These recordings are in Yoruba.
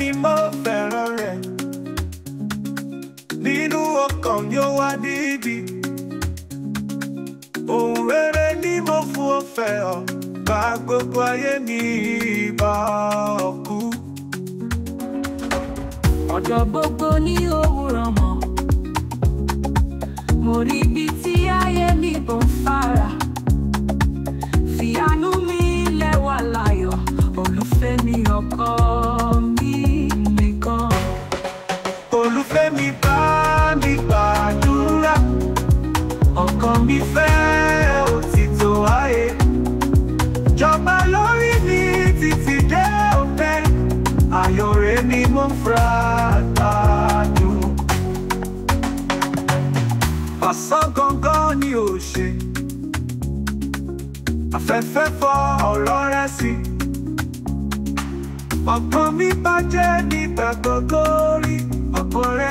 mi mọ́ fẹ́ràn rẹ̀ nínú ọkàn mi ó wá níbi ohun rere ni mo fún ọ fẹ́ ọ bá gbogbo ayé mi bá ọ kú. ọ̀dọ̀ gbogbo ní òwúrọ̀ mọ́ mo rí bí ọkàn mi fẹ́ òtítọ́ ayé jọba lórí mi títí dé òpin ayọ̀rẹ́ mi mo ń fura gbádùn. fàṣán gangan ni ò ṣe afẹ́fẹ́ fọ ọ̀rọ̀ rẹ sí ọkàn mi bàjẹ́ nígbà gbogbo rí ọ̀pọ̀ rẹ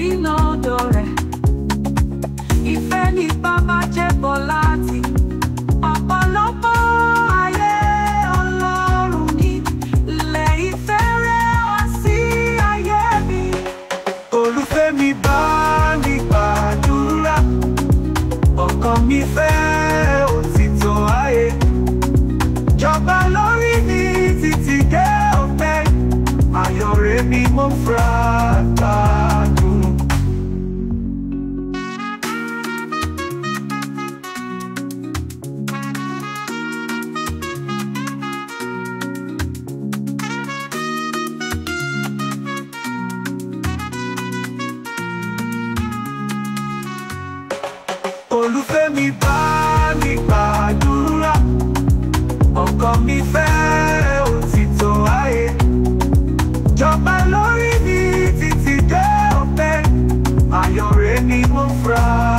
rí lọ́dọ̀ rẹ̀. Ìfẹ́ ní bàbá jẹ́ bọ̀ láti ọ̀pọ̀lọpọ̀ ayé ọlọ́run nílẹ̀ ìfẹ́ rẹ̀ wá sí ayé mi. Olùfẹ́ mi bá mi gbàdúrà, ọkàn mi fẹ́ òtítọ́ ayé. Jọba. olùfẹ́ mi bá mi gbàdúrà ọkàn mi fẹ́ òtítọ́ ayé jọba lórí mi títí dé ọ̀pẹ ayọ̀ rẹ̀ ni mo fura.